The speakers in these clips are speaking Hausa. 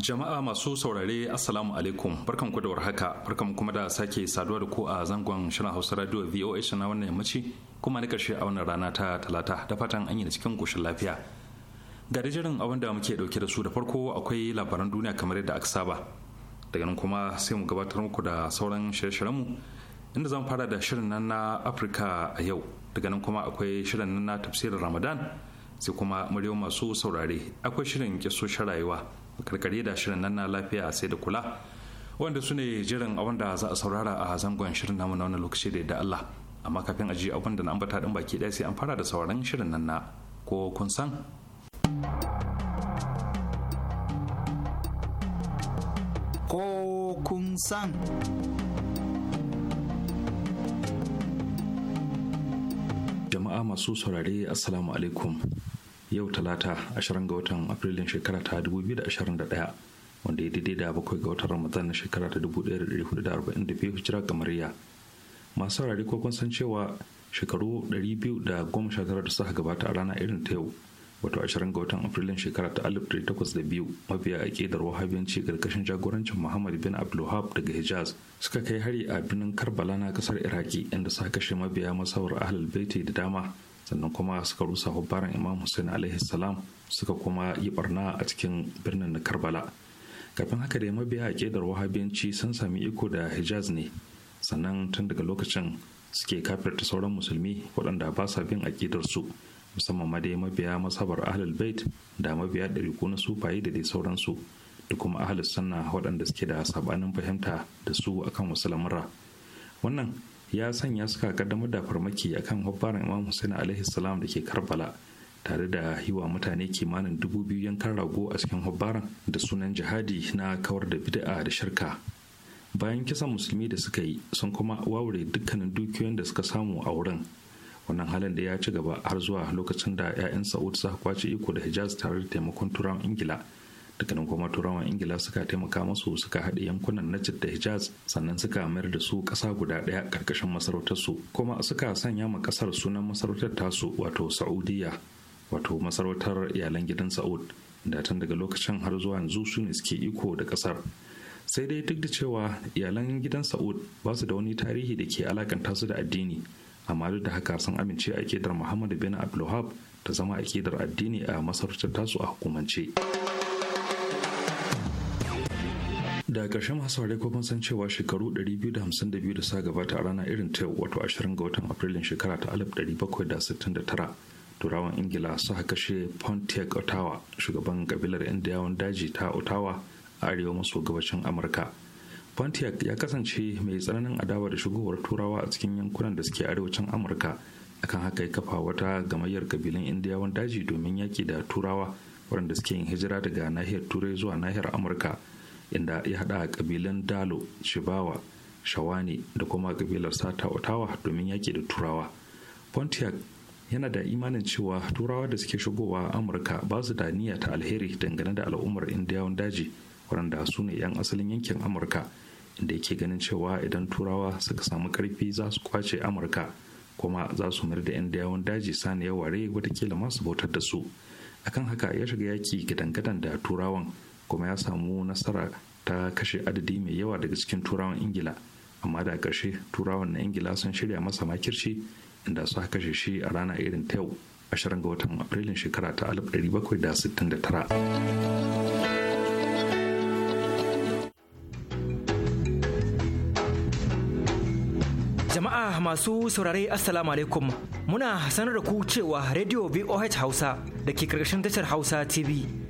Jama'a masu saurare Assalamu alaikum barkanku da warhaka barkanku kuma da sake saduwa da ku a zangon shirin Hausa Radio VOH na wannan yammaci kuma na karshe a wannan rana ta talata da fatan an yi da cikin koshin lafiya. Ga jirin abin da muke dauke da su da farko akwai labaran duniya kamar yadda aka saba. Daga nan kuma sai mu gabatar muku da sauran shirye mu inda zan fara da shirin nan na Afirka a yau. Daga nan kuma akwai shirin nan na tafsirin Ramadan sai kuma muryo masu saurare akwai shirin kiso rayuwa. karkare da shirin nan na lafiya sai da kula wanda su ne jiran abin da za a saurara a zangon shirin namu na wani lokaci da da Allah amma kafin a ji abin da na ambata din baki ɗaya sai an fara da sauran shirin nan na ko kun san ko kun san jama'a masu saurare assalamu alaikum yau talata 20 ga watan afrilun shekara ta 2021 wanda ya daidai da bakwai ga watan ramadan na shekara ta 1442 hijira kamariya masu saurari ko kun san cewa shekaru 219 da suka gabata a rana irin ta yau wato 20 ga watan afrilun shekara ta 1802 a aƙidar wahabiyanci karkashin jagorancin muhammad bin abdulhab daga hijaz suka kai hari a birnin karbala na kasar iraki inda suka kashe mabiya masawar ahlul baiti da dama sannan kuma suka rusa hubbaran imam hussein alaihi salam suka kuma yi barna a cikin birnin na karbala kafin haka da mabiya a kedar wahabiyanci sun sami iko da hijaz ne sannan tun daga lokacin suke kafirta sauran musulmi waɗanda ba sa bin aƙidar su musamman ma dai mabiya masabar ahlul bait da mabiya ɗariku na sufaye da dai sauransu da kuma ahlus sunna waɗanda suke da sabanin fahimta da su akan wasu lamura wannan ya sanya suka kaddamar da farmaki akan hubbaran imam hussein alaihi salam da ke karbala tare da yiwa mutane kimanin dubu biyu yankan rago a cikin hubbaran da sunan jihadi na kawar da bid'a da shirka bayan kisan musulmi da suka yi sun kuma wawure dukkanin dukiyoyin da suka samu a wurin wannan halin da ya ci gaba har zuwa lokacin da 'ya'yan sa'ud suka kwace iko da hijaz tare da taimakon turawan ingila dukkanin kuma turawan ingila suka taimaka musu suka haɗa yankunan na da hijaz sannan suka mayar da su ƙasa guda ɗaya ƙarƙashin masarautarsu kuma suka sanya ma ƙasar sunan masarautar tasu wato sa'udiyya wato masarautar iyalan gidan sa'ud da tun daga lokacin har zuwa yanzu su ne suke iko da ƙasar sai dai duk da cewa iyalan gidan sa'ud ba su da wani tarihi da ke alakanta su da addini amma duk da haka sun amince a dar muhammadu bin abdulhab ta zama akidar addini a masarautar tasu a hukumance. da ƙarshen masu ware ko kun san cewa shekaru 252 da sa gabata a rana irin ta wato 20 ga watan afrilun shekara ta 1769 turawan ingila suka kashe pontiac ottawa shugaban kabilar indiyawan daji ta ottawa a arewa maso gabashin amurka pontiac ya kasance mai tsananin adawa da shigowar turawa a cikin yankunan da suke arewacin amurka akan haka ya kafa wata gamayyar kabilan indiyawan daji domin yaki da turawa waɗanda suke yin hijira daga nahiyar turai zuwa nahiyar amurka inda ya hada a kabilan dalo shibawa shawani da kuma kabilar sata otawa domin yaki da turawa pontiac yana da imanin cewa turawa da suke shigowa amurka ba su da niyya ta alheri dangane da al'ummar indiyawan daji waɗanda su ne 'yan asalin yankin amurka inda yake ganin cewa idan turawa suka samu karfi za su kwace amurka kuma za su mayar da indiyawan daji saniyar ware watakila masu bautar da su akan haka ya shiga yaki ga dangadan da turawan kuma ya samu nasara ta kashe adadi mai yawa daga cikin turawan ingila amma da ƙarshe turawan na ingila sun shirya masa makirci inda su kashe shi a rana irin ta yau ashirin ga watan afrilun shekara ta da da tara. Jama'a masu saurare Assalamu alaikum muna sanar da ku cewa Radio VOH Hausa da ke karkashin tashar Hausa TV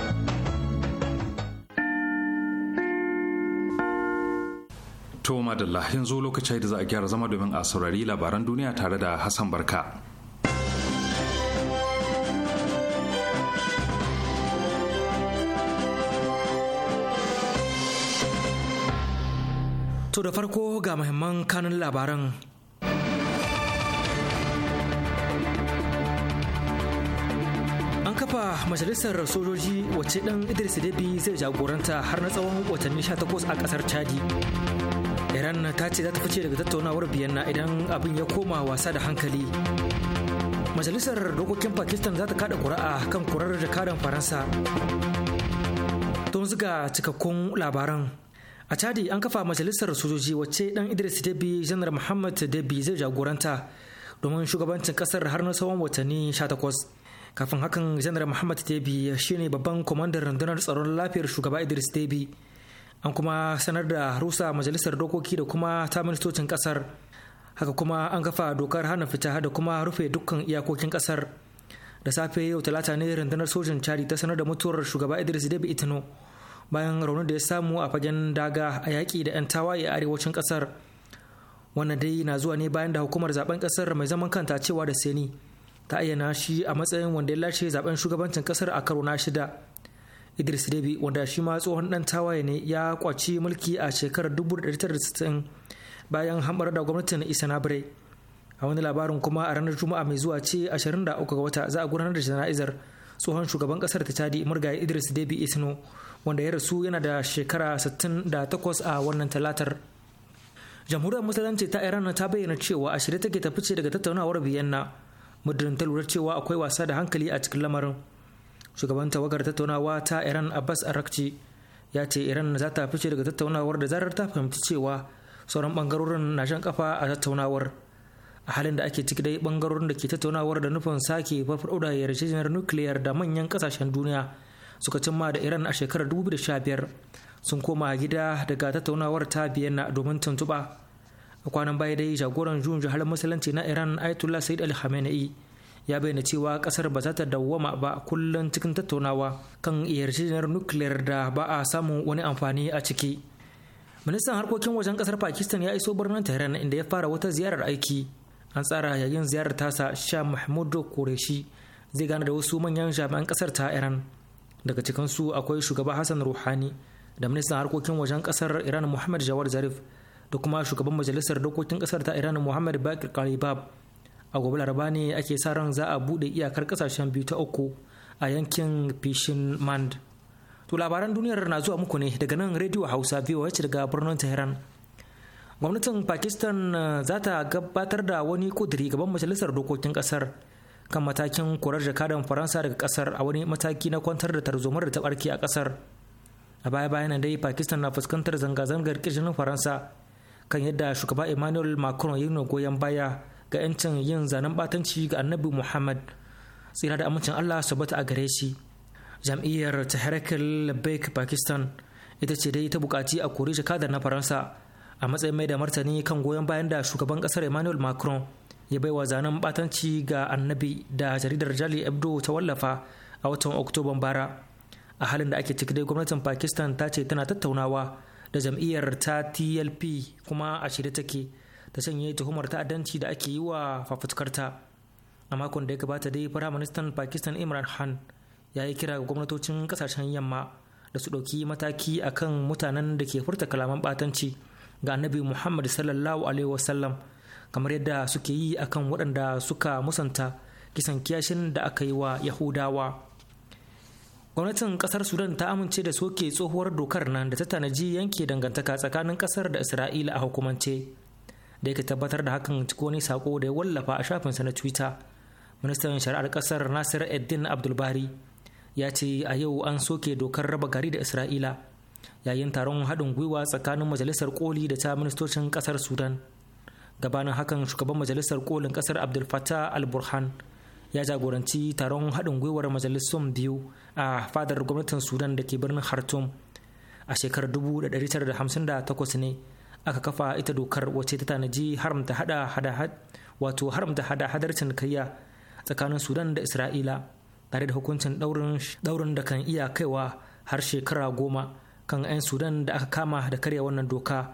To madalla yanzu lokaci da za a gyara zama domin a saurari labaran duniya tare da Hassan Barka. To da farko ga muhimman kanun labaran. An kafa majalisar sojoji wacce ɗan Idris Debi zai jagoranta har na tsawon watanni 18 a ƙasar Chadi. iran ta ce za ta fice daga tattaunawar biyanna idan abin ya koma wasa da hankali majalisar dokokin pakistan za ta kada kuri'a kan kurar jakadan faransa tun zuga cikakkun labaran a chadi an kafa majalisar sojoji wacce dan idris debi janar muhammad debi zai jagoranta domin shugabancin kasar har na tsawon watanni 18 kafin hakan janar muhammad debi shine babban kwamandar rundunar tsaron lafiyar shugaba idris debi an kuma sanar da rusa majalisar dokoki da kuma ta ministocin kasar haka kuma an kafa dokar hana fita da kuma rufe dukkan iyakokin kasar da safe yau talata ne rundunar sojin Chadi ta sanar da mutuwar shugaba idris debi itino bayan raunin da ya samu a fagen daga a yaƙi da 'yan tawaye a arewacin kasar wannan dai na zuwa ne bayan da hukumar zaben kasar mai zaman kanta cewa da seni ta ayyana shi a matsayin wanda ya lashe zaben shugabancin kasar a karo na shida idris debi wanda shi ma tsohon dan tawaye ne ya kwaci mulki a shekarar 1960 bayan hambar da gwamnatin Nabre. a wani labarin kuma a ranar juma'a mai zuwa ce 23 ga wata za a gudanar da jana'izar tsohon shugaban kasar ta chadi murgaye idris debi isno wanda ya rasu yana da shekara 68 a wannan talatar jamhuriyar musulunci ta iran ta bayyana cewa a shirye take ta fice daga tattaunawar vienna muddin ta lura cewa akwai wasa da hankali a cikin lamarin shugaban tawagar tattaunawa ta iran abbas arakci ya ce iran za ta fice daga tattaunawar da zarar ta fahimci cewa sauran bangarorin na shan kafa a tattaunawar a halin da ake ciki dai bangarorin da ke tattaunawar da nufin sake farfaɗa yarjejeniyar nukiliyar da manyan kasashen duniya suka cimma da iran a shekarar 2015 sun koma gida daga tattaunawar ta biyanna domin tuntuɓa a kwanan baya dai jagoran juyin jihar musulunci na iran ayatollah said al-khamenei ya bayyana cewa kasar ba za ta dawwama ba kullum cikin tattaunawa kan yarjejeniyar nukiliyar da ba a samun wani amfani a ciki ministan harkokin wajen kasar pakistan ya iso birnin tehran inda ya fara wata ziyarar aiki an tsara yayin ziyarar tasa sha mahmudu kureshi zai gana da wasu manyan jami'an kasar ta iran daga cikin su akwai shugaba hassan ruhani da ministan harkokin wajen kasar iran muhammad jawad zarif da kuma shugaban majalisar dokokin kasar ta iran muhammad bakir kalibab a gobe laraba ne ake sa ran za a buɗe iyakar kasashen biyu ta uku a yankin fishin mand to labaran duniyar na zuwa muku ne daga nan rediyo hausa wacce daga birnin tehran gwamnatin pakistan eh, za ta gabatar da wani kudiri gaban majalisar dokokin kasar kan matakin korar jakadan faransa daga kasar a wani mataki na kwantar da tarzomar da ta barke a kasar a baya bayan dai pakistan na fuskantar zanga-zangar kirjinin faransa kan yadda shugaba emmanuel macron ya goyon baya ga 'yancin yin zanen batanci ga annabi muhammad tsira da amincin allah sabata a gare shi jam'iyyar tahrikal labbaik pakistan ita ce dai ta bukaci a kori jakadar na faransa a matsayin mai da martani kan goyon bayan da shugaban kasar emmanuel macron ya baiwa zanen batanci ga annabi da jaridar jali abdo ta wallafa a watan oktoban bara a halin da ake ciki dai gwamnatin pakistan ta ce tana tattaunawa da jam'iyyar ta tlp kuma a shirye take ta shanye tuhumar ta'addanci da ake yi wa fafutukarta a makon da ya gabata dai firaministan pakistan imran khan ya yi kira ga gwamnatocin kasashen yamma da su ɗauki mataki a kan mutanen da ke furta kalaman batanci ga annabi muhammad sallallahu alaihi wasallam kamar yadda suke yi a kan waɗanda suka musanta kisan kiyashin da aka yi wa yahudawa gwamnatin kasar sudan ta amince da soke tsohuwar dokar nan da ta tanaji yanke dangantaka tsakanin kasar da isra'ila a hukumance da yake tabbatar da hakan cikin wani sako da ya wallafa a shafinsa na twitter ministan shari'ar kasar nasir eddin abdulbari ya ce a yau an soke dokar raba gari da isra'ila yayin taron haɗin gwiwa tsakanin majalisar koli da ta ministocin kasar sudan gabanin hakan shugaban majalisar kolin kasar abdul fattah al-burhan ya jagoranci taron haɗin gwiwar majalisun biyu a fadar gwamnatin sudan da ke birnin khartoum a shekarar 1958 ne aka kafa ita dokar wacce ta tanaji haramta hada hada wato haramta hada hadar cinikayya tsakanin sudan da isra'ila tare da hukuncin daurin da kan iya kaiwa har shekara goma kan 'yan sudan da aka kama da karya wannan doka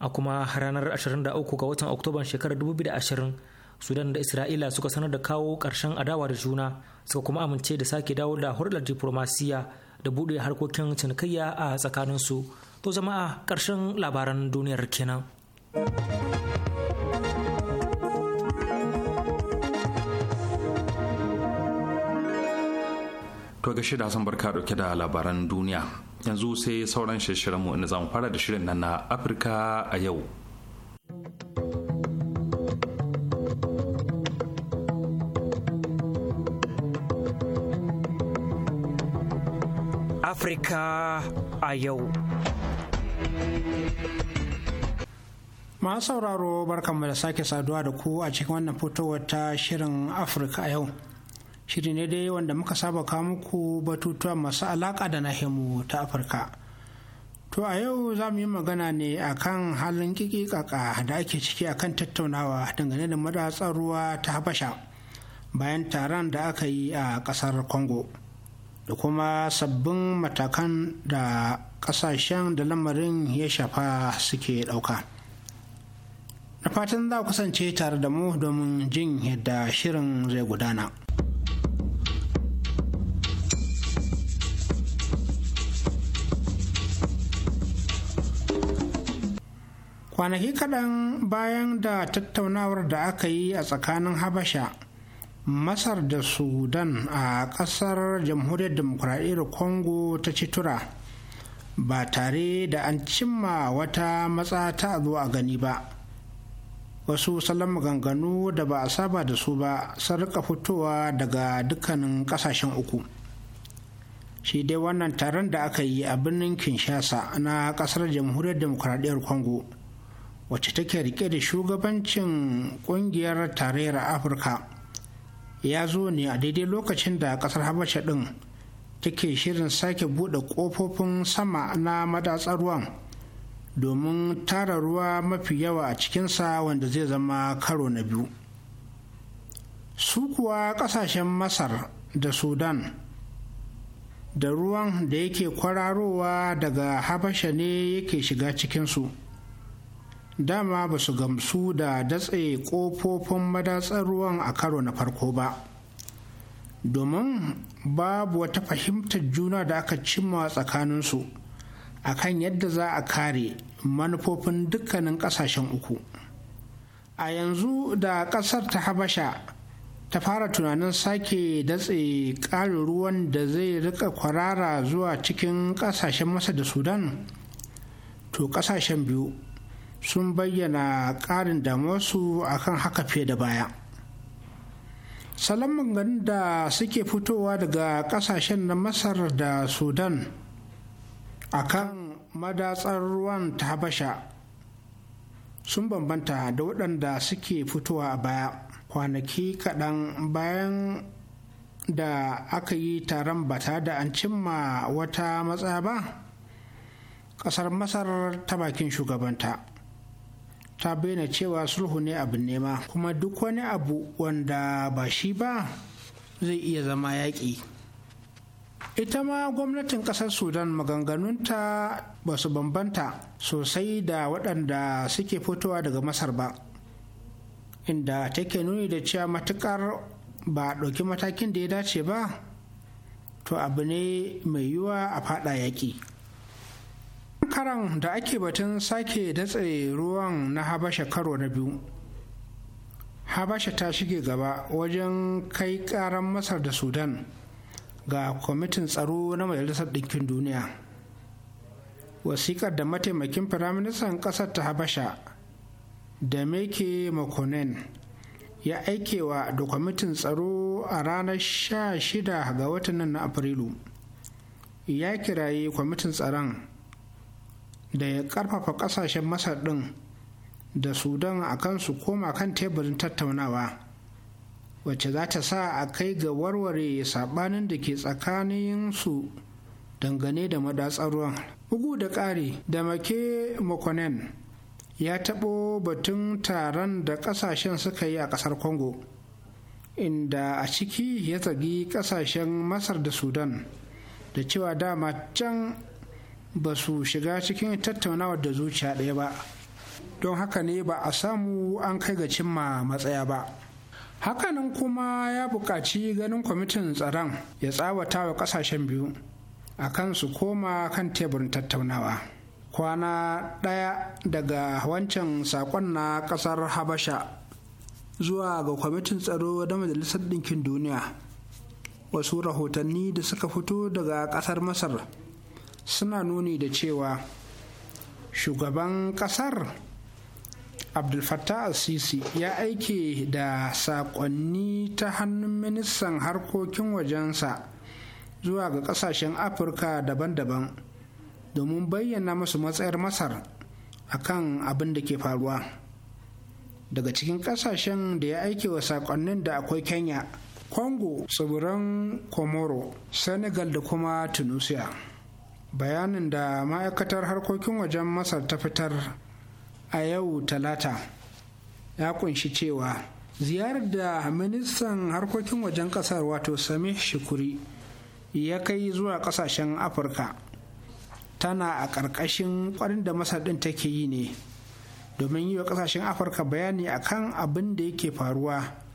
a kuma ranar 23 ga watan oktoban shekarar 2020 sudan da isra'ila suka sanar da kawo karshen adawa da juna suka kuma amince da sake dawo da hulɗar diplomasiya da buɗe harkokin cinikayya a tsakanin su. to jama'a ƙarshen labaran duniyar kenan. To ga shida san barka dauke da labaran duniya. Yanzu sai sauran shirinmu inda zamu fara da shirin nan na Afirka a yau. Afirka a yau. masu sauraro barkanmu da sake saduwa da ku a cikin wannan fitowar ta shirin afirka a yau shiri ne dai wanda muka saba kawo muku batutuwa masu alaƙa da nahimu ta afirka to a yau za mu yi magana ne a kan halin kikikaka da ake ciki a kan tattaunawa dangane da madatsar ruwa ta habasha bayan taron da aka yi a ƙasar congo da kuma sabbin matakan da kasashen da lamarin ya shafa suke ɗauka. Da fatan za kusance tare da mu domin jin yadda shirin zai gudana. Kwanaki kaɗan bayan da tattaunawar da aka yi a tsakanin Habasha, Masar da Sudan a ƙasar Jamhuriyar Demokuraɗiyyar Congo ta ci tura. ba tare da an cimma wata matsa ta zo a gani ba wasu salon maganganu da ba a saba da su ba sun rika fitowa daga dukkanin kasashen uku shi dai wannan taron da aka yi a birnin kinshasa na kasar jamhuriyar demokuraɗiyar congo wacce take rike da shugabancin kungiyar tarayyar afirka ya zo ne a daidai lokacin da kasar habasha ɗin take shirin sake buɗe ƙofofin sama na madatsar ruwan domin tara ruwa mafi yawa a cikinsa wanda zai zama karo na biyu su kuwa ƙasashen masar da sudan da ruwan da yake kwararowa daga habasha ne yake shiga cikinsu dama ba su gamsu da datse ƙofofin madatsar ruwan a karo na farko ba domin babu wata fahimtar juna da aka cimma tsakaninsu a kan yadda za a kare manufofin dukkanin ƙasashen uku a yanzu da ƙasar ta habasha ta fara tunanin sake datse ƙarin ruwan da zai rika kwarara zuwa cikin ƙasashen masa da sudan to ƙasashen biyu sun bayyana ƙarin damuwarsu akan haka fiye da baya salon maganganun da suke fitowa daga kasashen na masar da sudan a kan madatsar ruwan ta habasha sun bambanta da waɗanda suke fitowa a baya kwanaki kaɗan bayan da aka yi taron bata da an cimma wata matsaya ba ƙasar masar ta bakin shugabanta ta bayyana cewa sulhu ne abin nema kuma duk wani abu wanda ba shi ba zai iya zama yaƙi ita ma gwamnatin ƙasar sudan maganganunta ba su bambanta sosai da waɗanda suke fitowa daga masar ba inda take nuni da cewa matuƙar ba ɗauki matakin da ya dace ba to abu ne mai yiwuwa a faɗa yaƙi karan da ake batun sake datse ruwan na habasha karo na biyu habasha ta shige gaba wajen kai karan masar da sudan ga kwamitin tsaro na majalisar ɗinkin duniya wasiƙar da mataimakin firaministan ƙasar ta habasha da meke makonen ya aikewa da kwamitin tsaro a ranar 16 ga watan nan na afrilu ya kiraye kwamitin tsaron da ya karfafa kasashen masar ɗin da sudan a kan su koma kan teburin tattaunawa wacce za ta sa a kai ga warware saɓanin da ke tsakanin su dangane da madatsar ruwan bugu da ƙari da make makonen ya taɓo batun taron da ƙasashen suka yi a ƙasar congo inda a ciki ya tsagi ƙasashen masar da sudan da cewa dama can ba su shiga cikin tattaunawar da zuciya ɗaya ba don haka ne ba a samu an kai ga cimma matsaya ba hakanan kuma ya buƙaci ganin kwamitin tsaron ya tsawata wa ƙasashen biyu a kan su koma kan teburin tattaunawa kwana ɗaya daga wancan saƙon na ƙasar habasha zuwa ga kwamitin tsaro da majalisar ɗinkin duniya wasu rahotanni da suka fito daga ƙasar masar suna nuni da cewa shugaban kasar abdulfattah al-sisi ya aike da sakonni ta hannun ministan harkokin wajensa zuwa ga kasashen afirka daban-daban domin bayyana masu matsayar masar kan abin da ke faruwa daga cikin kasashen da ya aike wa sakonnin da akwai kenya congo tsibiran comoro senegal da kuma tunisia bayanin da ma'aikatar harkokin wajen masar ta fitar a yau talata ya kunshi cewa ziyarar da ministan harkokin wajen kasar wato sami shukuri ya kai zuwa kasashen afirka tana a ƙarƙashin kwarin da masar ɗin take yi ne domin yi wa kasashen afirka bayani akan abin da yake faruwa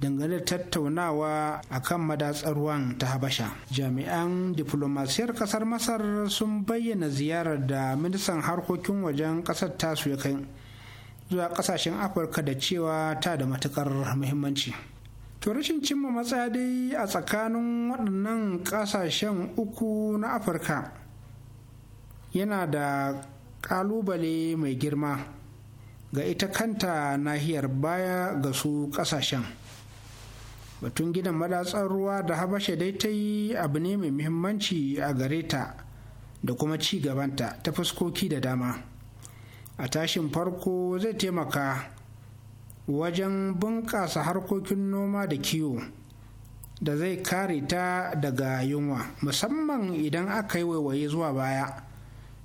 dangane tattaunawa a kan madatsar ruwan ta habasha jami'an diflomasiyar kasar masar sun bayyana ziyarar da ministan harkokin wajen kasar tasu ya kai zuwa kasashen afirka da cewa ta da matukar muhimmanci to rashin cimma matsaya dai a tsakanin waɗannan kasashen uku na afirka yana da ƙalubale mai girma ga ita kanta nahiyar baya ga su ƙasashen batun gidan madatsar ruwa da habasha dai ta yi abu ne mai muhimmanci a gare ta da kuma ci gabanta ta fuskoki da dama a tashin farko zai taimaka wajen bunƙasa harkokin noma da kiwo da zai kare ta daga yunwa musamman idan aka yi waiwaye zuwa baya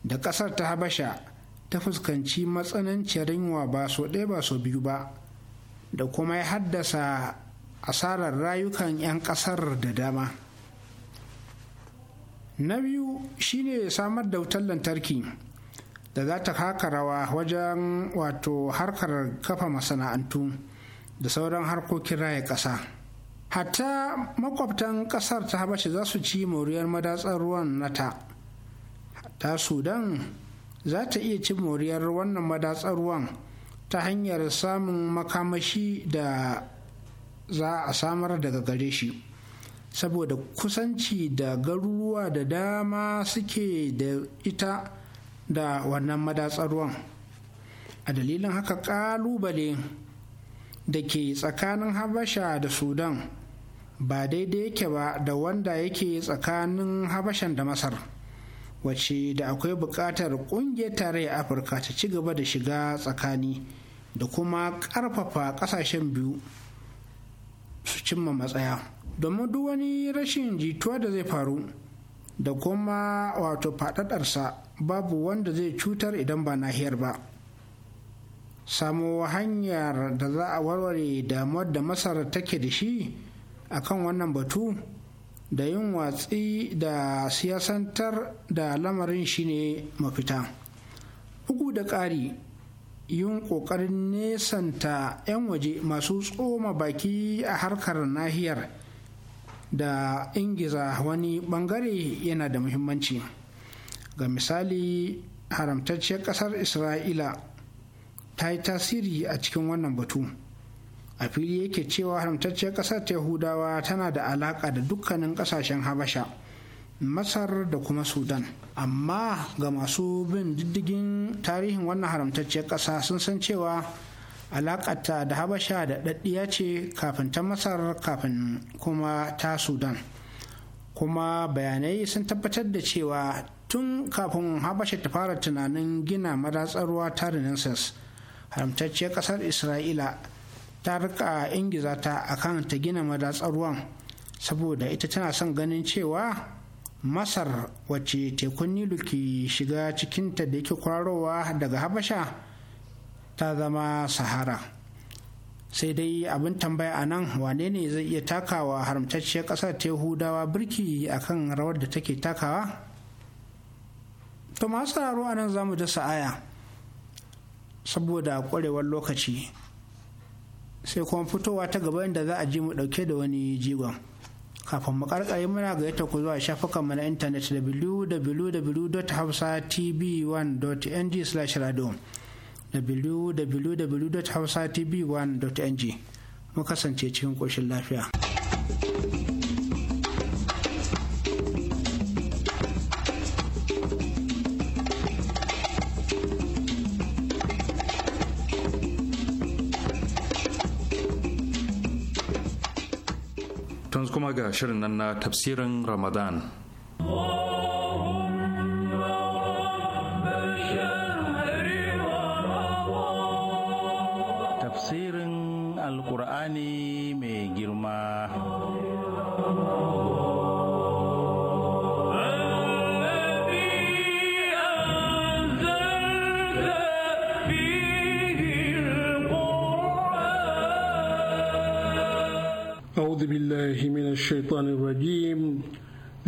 da ƙasar ta habasha ta fuskanci matsananciyar yunwa ba so ɗaya ba so biyu ba da kuma ya haddasa asarar rayukan 'yan ƙasar da dama na biyu shine samar da wutar lantarki da za ta haka rawa wajen wato harkar kafa masana'antu da sauran harkokin raya ƙasa hatta makwabtan ƙasar ta habashi za su ci moriyar madatsar ruwan nata ta sudan za ta iya ci moriyar wannan madatsar ruwan ta hanyar samun makamashi da za a samar daga gare shi saboda kusanci da garuruwa da dama suke da ita da wannan madatsar ruwan a dalilin haka kalubale da ke tsakanin habasha da sudan ba daidai yake ba da wanda yake tsakanin habashan da masar wace da akwai buƙatar ƙungiyar tarayyar afirka ta ci gaba da shiga tsakani da kuma ƙarfafa ƙasashen biyu cimma matsaya domin duk wani rashin jituwa da zai faru da kuma wato sa, babu wanda zai cutar idan ba nahiyar ba Samu hanyar da za a warware damuwar da masar take da shi akan wannan batu da yin watsi da siyasantar da lamarin shine mafita uku da ƙari yin ƙoƙarin nesanta 'yan waje masu tsoma baki a harkar nahiyar da ingiza wani bangare yana da muhimmanci ga misali haramtacciyar ƙasar isra'ila ta yi tasiri a cikin wannan batu a fili yake cewa haramtacciyar ƙasar ta yahudawa tana da alaƙa da dukkanin ƙasashen habasha masar da kuma sudan amma ga masu bin diddigin tarihin wannan haramtacciyar ƙasa sun san cewa alaƙata da habasha da daddiya ce kafin ta masar kafin kuma ta sudan kuma bayanai sun tabbatar da cewa tun kafin habasha ta fara tunanin gina madatsarwa ta renaissance haramtacciyar ƙasar isra'ila ta rika ingiza ta akan ta gina madatsar madatsarwan saboda ita tana son ganin cewa masar wacce tekun nilu ke shiga cikinta da yake kwararowa daga habasha ta zama sahara sai dai abin tambaya a nan wane ne zai iya takawa haramtacciyar ƙasar ta yahudawa birki kan rawar da take takawa to masu raro a nan za mu dasa aya saboda ƙwarewar lokaci sai kuma fitowa ta gaba inda za a ji mu ɗauke da wani jigon kafin mu karkare muna gayyata ku zuwa shafukan mu na intanet www.hausatv1.ng/radio www.hausatv1.ng mu kasance cikin koshin lafiya shirin nan na tafsirin Ramadan.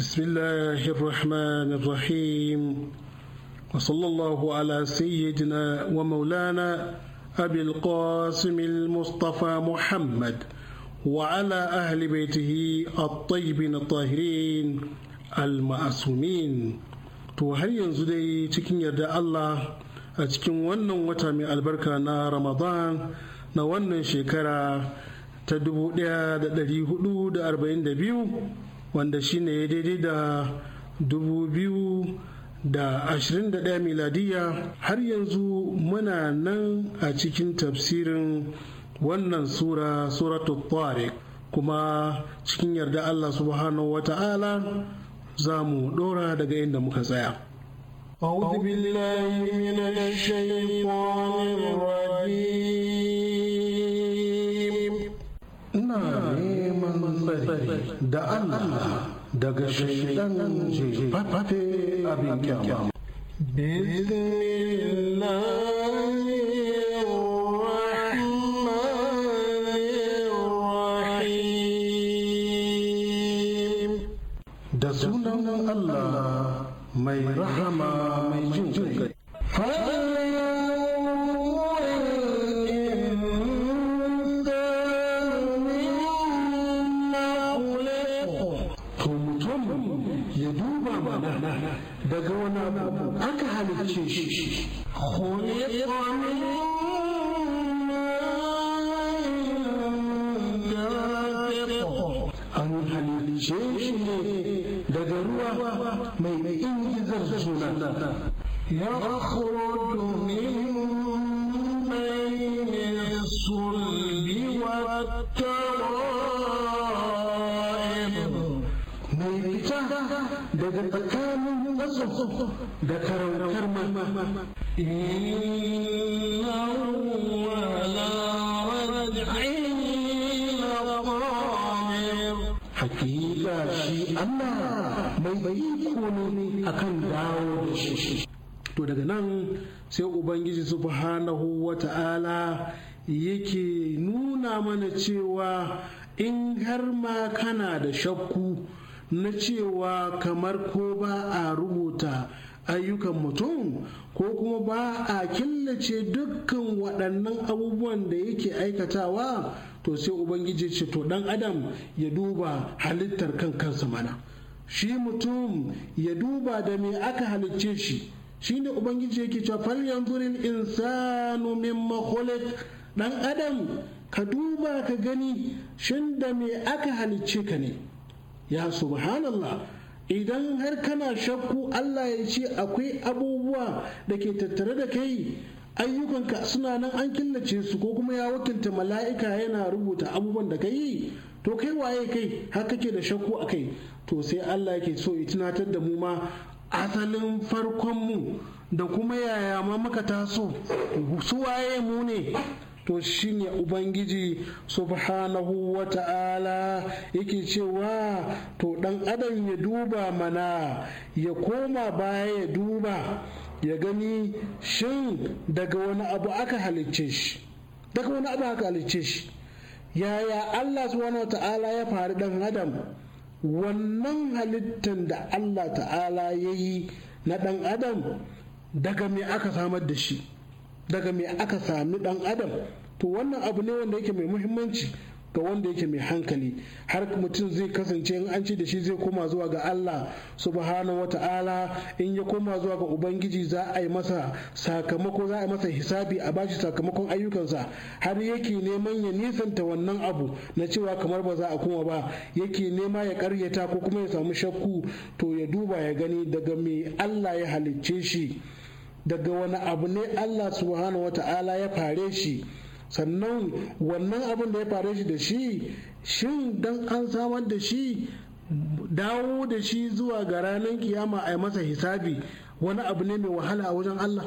بسم الله الرحمن الرحيم وصلى الله على سيدنا ومولانا أبي القاسم المصطفى محمد وعلى أهل بيته الطيبين الطاهرين المعصومين to har yanzu dai cikin yarda Allah a cikin wannan wata mai albarka na Ramadan na wannan shekara ta 1442 wanda shine ya daidai da dubu biyu da da ashirin 2021 miladiya har yanzu muna nan a cikin tafsirin wannan sura suratul tariq kuma cikin yarda Allah subhanahu Ta'ala za mu dora daga inda muka tsaya أعوذ بالله من الشيطان الرجيم da Allah daga shaidan jefaffe abin kyama. Bismillah da karantar ma Hakika shi Allah mai iko ne akan dawo da To daga nan sai Ubangiji subhanahu wa ta'ala yake nuna mana cewa in har ma kana da shakku na cewa kamar ko ba a rubuta ayyukan mutum ko kuma ba a killace dukkan waɗannan abubuwan da yake aikatawa to sai ubangiji ce to ɗan adam ya duba halittar kan kansa mana shi mutum ya duba da me aka halicce shi shi ne ubangiji yake cewa falyan zurin insanu min ɗan adam ka duba ka gani shin da me aka halicce ka ne ya subhanallah idan har kana shakku Allah ya ce akwai abubuwa da ke tattare da kai ayyukanka suna nan an killace su ko kuma ya wakilta mala'ika yana rubuta abubuwan da ka to kai waye kai har kake da shakku a kai to sai Allah yake so ya tunatar da mu ma asalin farkon mu da kuma yaya ma muka taso su waye mu ne to shine ubangiji subhanahu wa ta'ala yake cewa to dan adam ya duba mana ya koma baya ya duba ya gani shin daga wani abu aka halicce shi daga wani abu aka halicce shi yaya Allah subhanahu ta'ala ya faru dan adam wannan halittan da Allah ta'ala ya yi na dan adam daga me aka samar da shi daga mai aka sami dan adam to wannan abu ne wanda yake mai muhimmanci ga wanda yake mai hankali har mutum zai kasance in an ce da shi zai koma zuwa ga Allah subhanahu ta'ala in ya koma zuwa ga ubangiji za a yi masa sakamako za a yi masa hisabi a bashi sakamakon ayyukansa har yake neman ya nisanta wannan abu na cewa kamar ba za a koma ba yake nema ya karyata ko kuma ya samu shakku to ya duba ya gani daga me Allah ya halicce shi daga wani abu ne Allah subhanahu wata'ala ya fare shi sannan wannan abin da ya fare shi da shi shin dan an samar da shi dawo da shi zuwa ga ranar kiyama a masa hisabi wani abu ne mai wahala a wajen Allah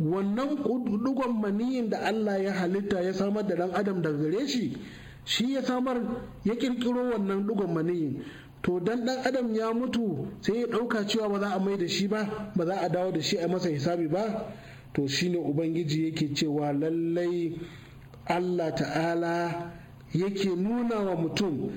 wannan ɗigon maniyin da Allah ya halitta ya samar da dan adam daga gare shi shi ya samar ya kirkiro wannan dugon maniyin to dan dan adam ya mutu sai ya ɗauka cewa ba za a mai da shi ba ba za a dawo da shi a masa hisabi ba to shine ubangiji yake cewa lallai allah ta'ala yake nuna wa mutum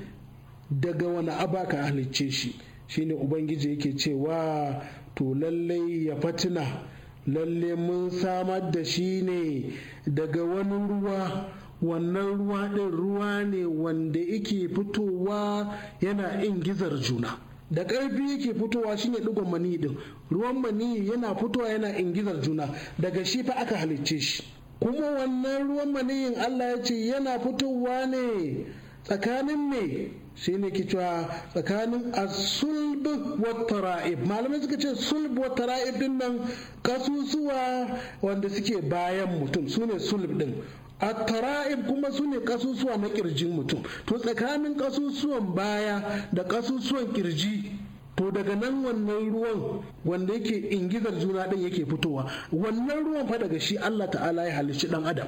daga wani abaka halicce shi shine ubangiji yake cewa to lallai ya fatina Lallai mun samar da shi ne daga wani ruwa wannan ruwa ɗin ruwa ne wanda yake fitowa yana ingizar juna da ƙarfi yake fitowa shine ɗigon mani din ruwan mani yana fitowa yana gizar juna daga shi fa aka halicce shi kuma wannan ruwan maniyin Allah ya ce yana fitowa ne tsakanin me shi ne ke cewa tsakanin a sulbi wa tara'ib malamai suka ce sulbi wa tara'ib din nan kasusuwa wanda suke bayan mutum su ne sulb din attara'ib kuma su ne kasusuwa na kirjin mutum to tsakanin kasusuwan baya da kasusuwan kirji to daga nan wannan ruwan wanda yake ingizar juna ɗin yake fitowa wannan ruwan fa daga shi Allah ta'ala ya halici dan adam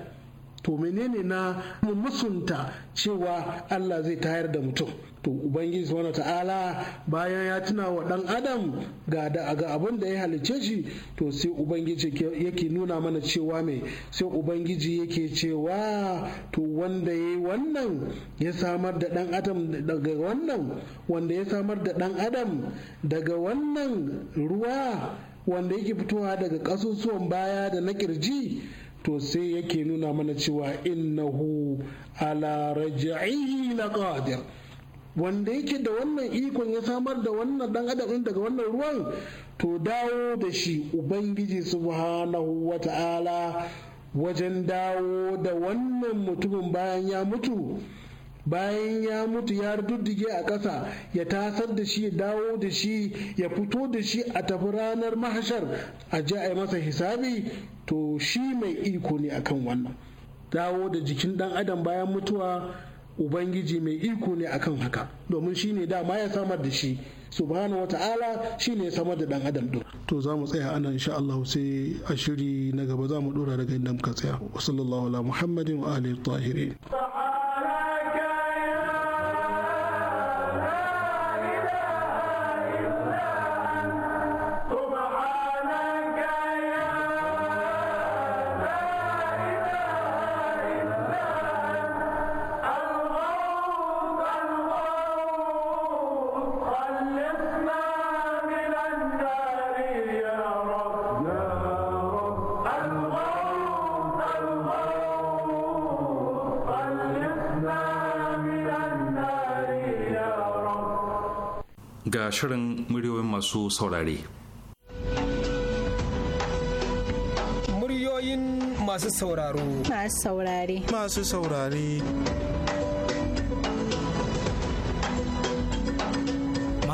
to menene na musunta cewa Allah zai tayar da mutum to ubangiji wani ta'ala bayan ya tuna wa dan adam ga da ga abin da ya halice shi to sai ubangiji yake nuna mana cewa mai sai ubangiji yake cewa to wanda wannan ya samar da dan adam daga wannan wanda ya samar da dan adam daga wannan ruwa wanda yake fitowa daga ƙasusuwan baya da na kirji to sai yake nuna mana cewa innahu ala raja'ihi laqadir wanda yake da wannan ikon ya samar da wannan dan adam daga wannan ruwan to dawo da shi ubangiji subhanahu wa ta'ala wajen dawo da wannan mutumin bayan ya mutu bayan ya mutu ya duddige a ƙasa ya tasar da shi ya dawo da shi ya fito da shi a tafi ranar mahashar a ji a yi masa hisabi to shi mai iko ne akan wannan dawo da jikin ɗan adam bayan mutuwa ubangiji mai iko ne akan haka domin shi ne dama ya samar da shi subhanahu ta'ala shi ne ya samar da ɗan adam ɗin. to za mu tsaya anan insha Allah sai a shiri na gaba za mu ɗora daga inda muka tsaya wa sallallahu ala muhammadin wa alihi tahirin shirin muryoyin masu saurare. Muryoyin masu sauraro. Masu saurare. Masu saurare.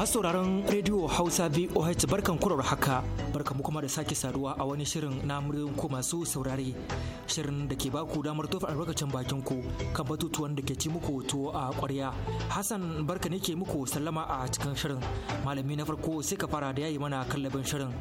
sauraron Radio Hausa VOH barkan kurar haka barka mu kuma da sake saduwa a wani shirin na muryoyin ku masu saurare shirin da ke baku damar tofa albarkacin bakin ku kan batutuwan da ke ci muku to a ƙwarya. Hassan barka ne ke muku sallama a cikin shirin. Malami na farko sai ka fara da yayi mana kallabin shirin.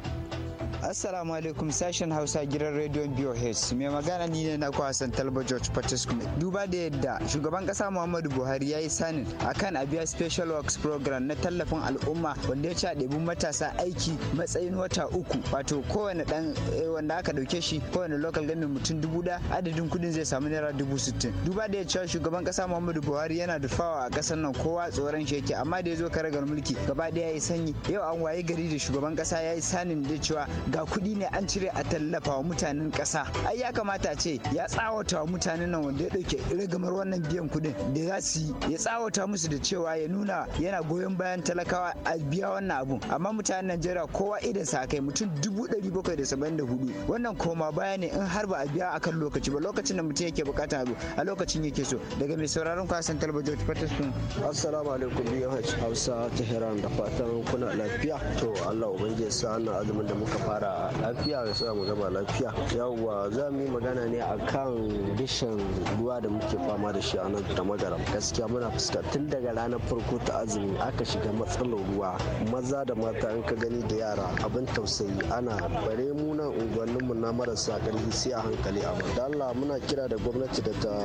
Assalamu alaikum sashen Hausa gidan rediyon BOH. Mai magana ni ne na Hassan Talba George Patiskum. Duba da yadda shugaban kasa Muhammadu Buhari ya yi sanin akan Abia Special Works Program na tallafin al'umma wanda ya ci ɗebin matasa aiki matsayin wata uku. Wato kowane dan eh, wanda aka dauke shi kowane local government mutum dubu da adadin kudin zai samu naira dubu sittin. Duba da yadda shugaban kasa Muhammadu Buhari yana dufawa a kasar nan kowa tsoron shi yake amma da ya zo karagar mulki gaba ɗaya ya yi sanyi. Yau an waye gari da shugaban kasa ya yi sanin da cewa ga kuɗi ne an cire a tallafa wa mutanen ƙasa ai ya kamata ce ya tsawata wa mutanen nan wanda ya ɗauke ragamar wannan biyan kuɗin da za su yi ya tsawata musu da cewa ya nuna yana goyon bayan talakawa a biya wannan abun amma mutanen najeriya kowa idan sa kai mutum dubu ɗari bakwai da saba'in da hudu wannan koma baya ne in har ba a biya akan lokaci ba lokacin da mutum yake bukata abu a lokacin yake so daga mai sauraron kwasan talba ta patterson assalamu alaikum biyu hausa tehran da fatan kuna lafiya to allah ubangiji sa na azumin da muka fara fara lafiya ya sa mu gama lafiya yawwa za mu yi magana ne a kan rashin ruwa da muke fama da shi a nan da magaram gaskiya muna fuska tun daga ranar farko ta azumi aka shiga matsalar ruwa maza da mata an ka gani da yara abin tausayi ana bare mu nan unguwanninmu na marasa ƙarfi sai a hankali a da Allah muna kira da gwamnati da ta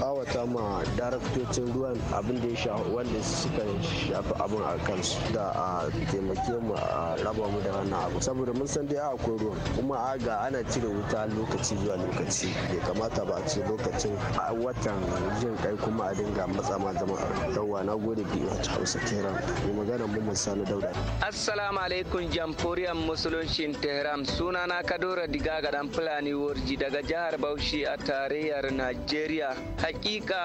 ƙawata ma daraktocin ruwan abin da ya sha wanda suka shafi abin a kansu da a taimake mu a raba mu da wannan abu saboda mun san dai akwai ruwan kuma aga ana cire wuta lokaci zuwa lokaci bai kamata ba a ce lokacin a watan jin kai kuma a dinga matsa ma zama a yawwa na gode biyu a hausa tehran magana mu misali dauda assalamu alaikum jamhuriyar musulunci tehran sunana kadora diga ga dan fulani warji daga jihar bauchi a tarayyar najeriya hakika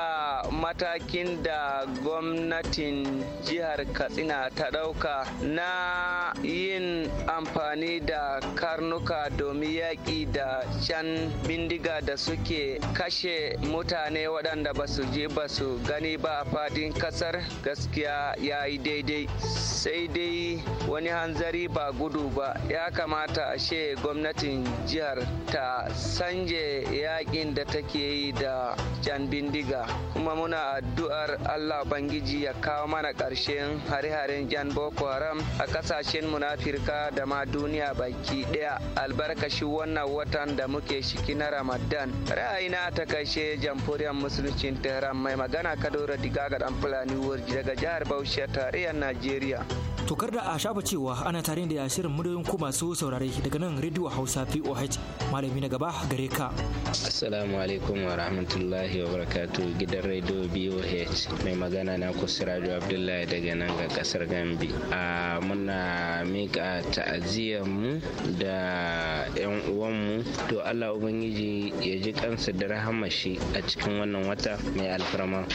matakin da gwamnatin jihar katsina ta dauka na yin amfani da karnuka domin yaƙi da can bindiga da suke kashe mutane waɗanda ba su je ba su gani ba a fadin ƙasar gaskiya ya yi daidai sai dai wani hanzari ba gudu ba ya kamata a she gwamnatin jihar ta sanje yaƙin da take yi da can bindiga kuma muna addu'ar allah bangiji ya kawo mana ƙarshen hare-haren jan boko haram a ƙasashen munafirka da ma duniya baki daya albarkashi wannan watan da muke shiki na Ramadan. Ra'ayina ta kashe jamhuriyar musuluncin Tehran mai magana Kadoro Diga ga dan Fulani wurji daga jihar Bauchi tarayyar Najeriya. To da a shafa cewa ana tare da shirin muryoyin ku masu saurare daga nan rediyo Hausa POH malami na gaba gare ka. Assalamu alaikum wa rahmatullahi wa barakatuh gidan rediyo BOH mai magana na ku Siraju Abdullahi daga nan ga kasar Gambi. A muna mika ta'aziyar mu da yan mu to Allah ubangiji ya ji kansa da rahama shi a cikin wannan wata mai alfarma.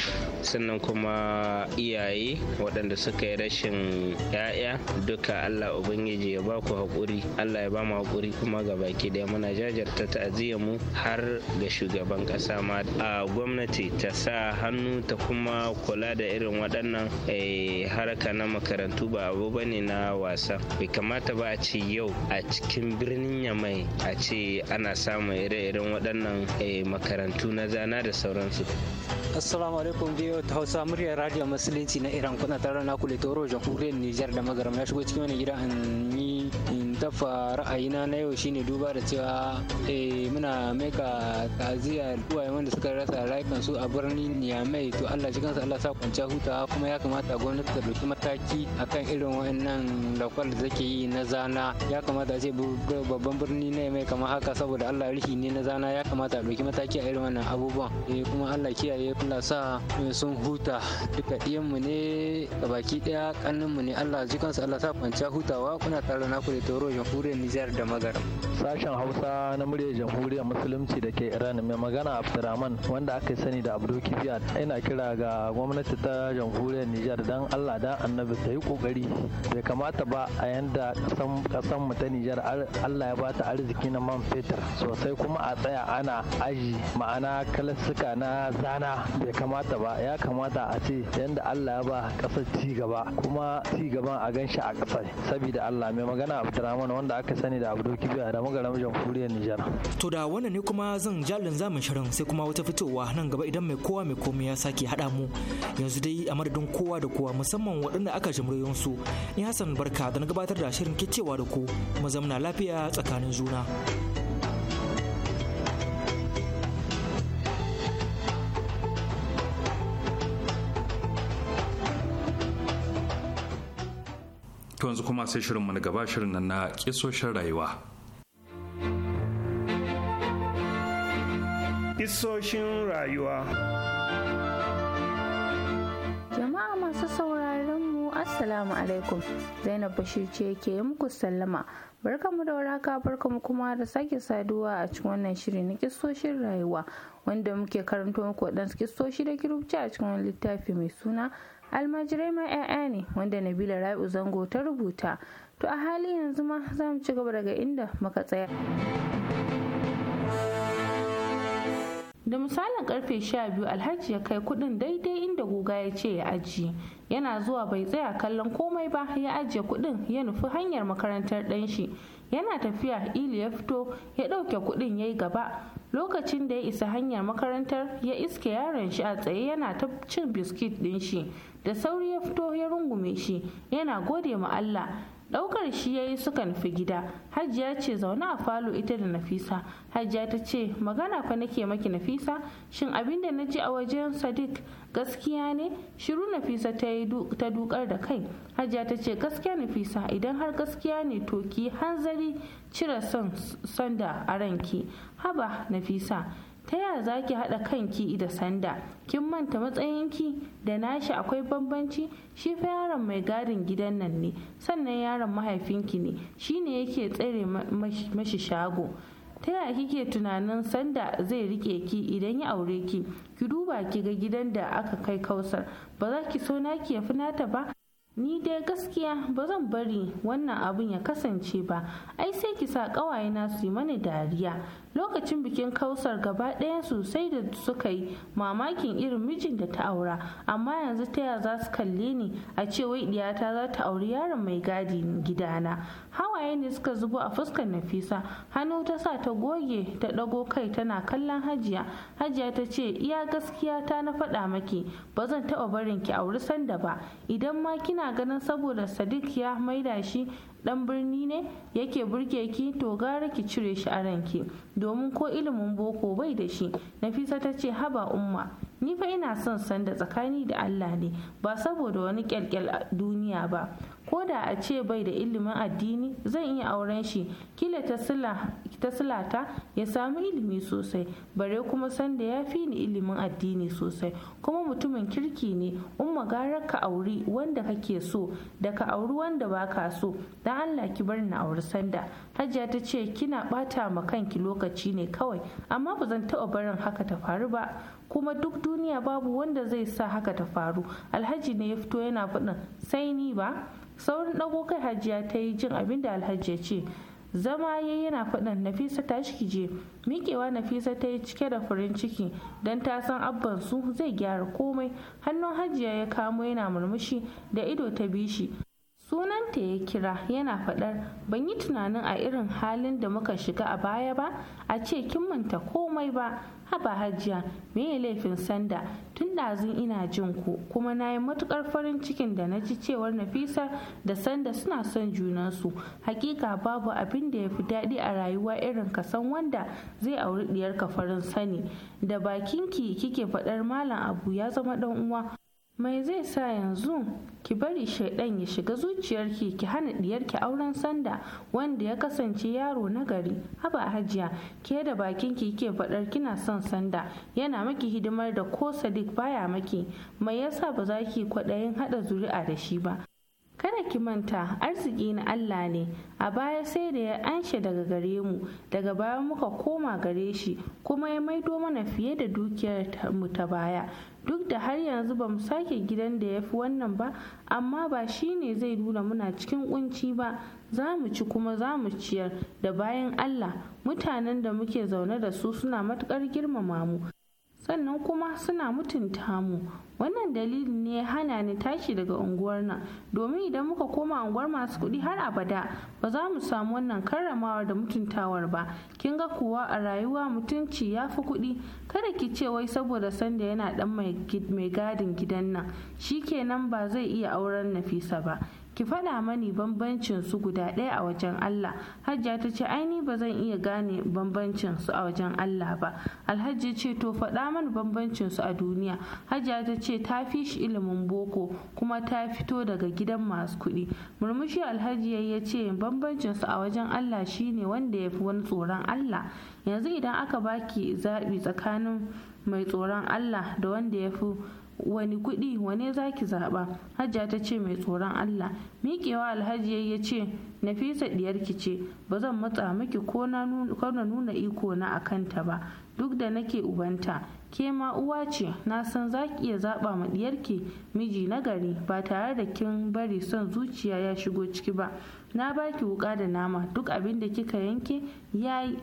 Sannan kuma iyaye waɗanda suka yi rashin 'ya'ya duka Allah Ubangiji ya ba ku haƙuri Allah ya ba mu haƙuri kuma ga baki ɗaya muna jajarta ta'aziyyar mu har ga shugaban ƙasa ma a gwamnati ta sa hannu ta kuma kula da irin waɗannan eh, haraka na makarantu ba abu bane na wasa bai kamata ba a ce yau a cikin birnin yamai a ce ana samun ire-iren waɗannan eh, makarantu na zana da sauransu assalamu alaikum biyo ta hausa muryar radio musulunci na iran kuna tare na kule jamhuriyar nijar da magaram na shigo cikin wani gida in yi in Tafa ra'ayina na yau shine duba da cewa eh, muna maika ta'aziyya uwaye wanda suka rasa rayukansu a birnin Niamey to allah shi kansa allah sa kwanciya hutawa kuma ya kamata gwamnati ta dauki mataki akan irin wa'annan lakwal da take yi na zana ya kamata a ce babban birni ne mai kamar haka saboda allah rihi ne na zana ya kamata a dauki mataki a irin wannan abubuwan eh, kuma allah kiyaye allah sa sun huta duka mu ne ɗaya. daya mu ne allah ji kansa allah sa kwanciya hutawa kuna tare na ku da toro jamhuriyar Nijar da Magaram. Sashen Hausa na muryar jamhuriyar Musulunci da ke Iran mai magana Abdurrahman wanda aka sani da Abdul biyar ina kira ga gwamnati ta jamhuriyar Nijar dan Allah da Annabi ta yi kokari bai kamata ba a yanda kasan mu ta Nijar Allah ya bata arziki na man fetur sosai kuma a tsaya ana aji ma'ana kalassuka na zana bai kamata ba ya kamata a ce yanda Allah ya ba kasar ci gaba kuma ci gaban a ganshi a kasar saboda Allah mai magana Abdurrahman wani wanda aka sani da Abdul Kibiya da magaram jamhuriyar Nijar. To da wannan ne kuma zan jalin zamun shirin sai kuma wata fitowa nan gaba idan mai kowa mai komai ya sake haɗa mu yanzu dai a madadin kowa da kowa musamman waɗanda aka jimriyon su ni Hassan Barka da na gabatar da shirin kicewa da ku mu zamna lafiya tsakanin juna. to yanzu kuma sai shirinmu na gaba shirin nan na kisoshin rayuwa kisoshin rayuwa jama'a masu sauraron mu assalamu alaikum zainab bashir ce ke muku sallama barkamu da waraka barkamu kuma da sake saduwa a cikin wannan shiri na kisoshin rayuwa wanda muke karanto muku waɗansu kisoshi da kirubci a cikin wani littafi mai suna almajirai ma 'ya'ya ne wanda nabila rai'u zango ta rubuta to a hali yanzu ma za mu ci gaba daga inda muka tsaya da misalin karfe 12 alhaji ya kai kudin daidai inda guga ya ce ya aji yana zuwa bai tsaya kallon komai ba ya ajiye kudin ya nufi hanyar makarantar ɗanshi yana tafiya ili ya fito ya ɗauke kudin ya yi gaba lokacin da ya isa hanyar makarantar ya iske yaron shi a tsaye yana ta cin biskit din shi da sauri ya fito ya rungume shi yana gode ma Allah daukar shi ya yi suka nufi gida hajiya ce zaune a falo ita da nafisa hajiya ta ce magana fa nake maki nafisa shin abin da na ji a wajen sadiq gaskiya ne shiru nafisa ta dukar da kai hajiya ta ce gaskiya nafisa idan har gaskiya ne to ki hanzari cire son sanda a ranki haba nafisa ta yaya za ki haɗa kanki da sanda kin manta matsayinki da nashi akwai bambanci shi fa yaron mai gadin gidan nan ne sannan yaron mahaifinki ne shi shine yake tsere mashi shago ta yaya kike tunanin sanda zai rike ki idan ya aure ki ki duba ki ga gidan da aka kai kausar ba za ki so naki ya fi nata ba ni dai gaskiya ba zan bari wannan abin ya kasance ba ai sai ki sa ƙawayena su yi mani dariya lokacin bikin kausar gaba ɗaya sosai da suka yi mamakin irin mijin da ta aura amma yanzu ta ya za su kalle ni a ce wai ɗiyata za ta auri yaron mai gadi gidana hawaye ne suka zubo a fuskar nafisa hannu ta sa ta goge ta dago kai tana kallon hajiya hajiya ta ce iya gaskiya ta na faɗa maki ba zan taɓa barin ki auri sanda ba idan ma kina ganin saboda sadiq ya maida shi dan birni ne yake burge ki to gara ki cire shi a ranki domin ko ilimin boko bai da shi nafisa ta ce haba umma ni fa ina son sanda tsakani da Allah ne ba saboda wani kyalkyal duniya ba ko da a ce bai da ilimin addini zan iya auren shi kila ta silata ya samu ilimi sosai bare kuma sanda ya fi ni ilimin addini sosai kuma mutumin kirki ne umma gara ka auri wanda kake so da ka auri wanda ba ka so dan Allah ki bar na auri sanda hajiya ta ce kina bata ma kanki lokaci ne kawai amma ba zan taɓa barin haka ta faru ba kuma duk duniya babu wanda zai sa haka ta faru alhaji ne ya fito yana faɗin sai ni ba saurin ɗago kai hajiya ta yi jin abin da alhaji ya ce zama ya yana faɗin nafisa ta shi je miƙewa nafisa ta yi cike da farin ciki don ta san abban su zai gyara komai hannun hajiya ya kamo yana murmushi da ido ta bishi. shi sunanta ya kira yana faɗar ban yi tunanin a irin halin da muka shiga a baya ba a ce kin manta komai ba ba hajiya meye laifin sanda tun ɗazun ina jin ku kuma na yi matukar farin cikin da na ci cewar nafisa da sanda suna son junan junansu hakika babu abin da ya fi daɗi a rayuwa irin ka san wanda zai auri ɗiyar ka farin sani da bakinki kike faɗar malam abu ya zama ɗan uwa mai zai sa yanzu ki bari shaidan ya shiga zuciyarki ki hana diyarki auren sanda wanda ya kasance yaro na gari haba hajiya ke da bakin ki ke fadar kina son sanda yana maki hidimar da ko sadiq baya maki mai yasa ba za ki kwaɗayin haɗa zuri'a da shi ba kada ki manta arziki na Allah ne a baya sai da ya anshe daga gare mu daga baya muka koma gare shi kuma ya maido mana fiye da dukiyar mu ta baya duk da har yanzu ba mu sake gidan da ya fi wannan ba amma ba shi ne zai nuna muna cikin kunci ba za mu ci kuma za mu ciyar da bayan allah mutanen da muke zaune da su suna matukar girmama mu sannan kuma suna mutunta mu wannan dalilin ne hana ni tashi daga unguwar nan domin idan muka koma unguwar masu kuɗi har abada ba za mu samu wannan karramawar da mutuntawar ba kin ga kuwa a rayuwa mutunci ya fi kuɗi kada ki ce wai saboda sanda yana dan mai gadin gidan nan shi shikenan ba zai iya auren nafisa ba ki faɗa mani bambancin su guda ɗaya a wajen Allah hajja ta ce aini ba zan iya gane bambancin su a wajen Allah ba alhaji ce to faɗa mani bambancin su a duniya hajja ta ce ta fi shi ilimin boko kuma ta fito daga gidan masu kuɗi murmushi alhaji ya ce bambancin su a wajen Allah shine wanda ya fi wani tsoron Allah yanzu idan aka baki zaɓi tsakanin mai tsoron Allah da wanda ya fi wani kuɗi Wani za ki zaɓa hajja ta ce mai tsoron allah miƙewa alhaji ya ce nafisa ɗiyarki ce ba zan matsa miki ko na nuna iko na a kanta ba duk da nake ubanta ke ma uwa ce na san zaki iya zaɓa ma ɗiyarki miji na gari ba tare da kin bari son zuciya ya shigo ciki ba na baki wuƙa da nama duk abin da kika yanke yayi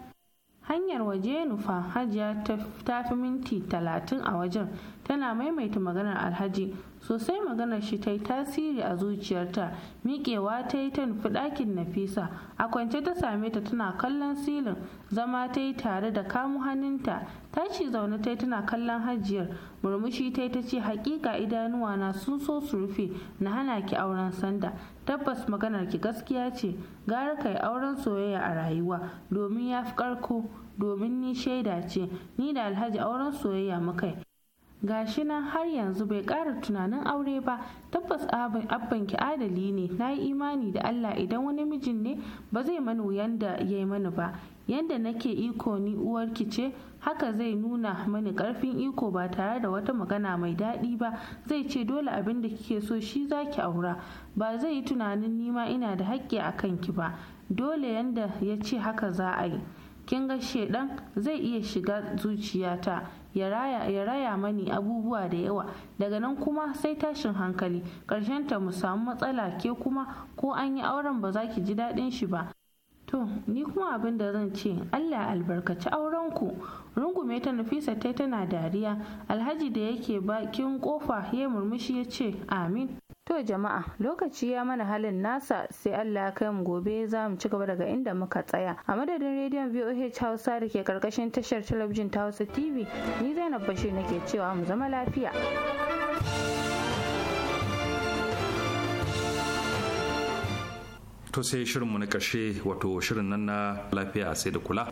hanyar waje nufa hajiya ta fi minti talatin a wajen tana maimaita maganar alhaji sosai maganar shi ta yi tasiri a zuciyarta miƙewa ta yi ta nufi ɗakin nafisa a kwance ta same ta tana kallon silin zama ta yi tare da kamu hannunta tashi zaune ta yi tana kallon hajiyar murmushi ta yi ta ce hakika idanuwana sun so su rufe na hana ki auren sanda tabbas maganar ki gaskiya ce gara ka yi auren soyayya a rayuwa domin ya fi ƙarko domin ni shaida ce ni da alhaji auren soyayya mukai gashi nan har yanzu bai ƙara tunanin aure ba tabbas abban ki adali ne na yi imani da allah idan wani mijin ne ba zai mani wuyan da ya yi mani ba yanda nake iko ni uwarki ce haka zai nuna mani karfin iko ba tare da wata magana mai daɗi ba zai ce dole abin da kike so shi zaki aura ba zai yi tunanin nima ina da haƙƙi a kanki ba dole yanda ya ce haka za a yi kin ga shedan zai iya shiga zuciyata ya raya mani abubuwa da yawa daga nan kuma sai tashin hankali ta mu samu matsala ke kuma ko an yi auren ba za ki ji daɗin shi ba to ni kuma abin da zan ce allah albarkaci aurenku rungume ta nafisa ta tana dariya alhaji da yake bakin kofa ya murmushi ya ce amin To jama'a lokaci ya mana halin nasa sai Allah ya kai mu gobe za mu ci gaba daga inda muka tsaya. A madadin rediyon VOH Hausa da ke karkashin tashar talabijin ta Hausa TV ni Zainab Bashir nake cewa mu zama lafiya. To sai shirinmu na ƙarshe wato shirin nan na lafiya sai da kula.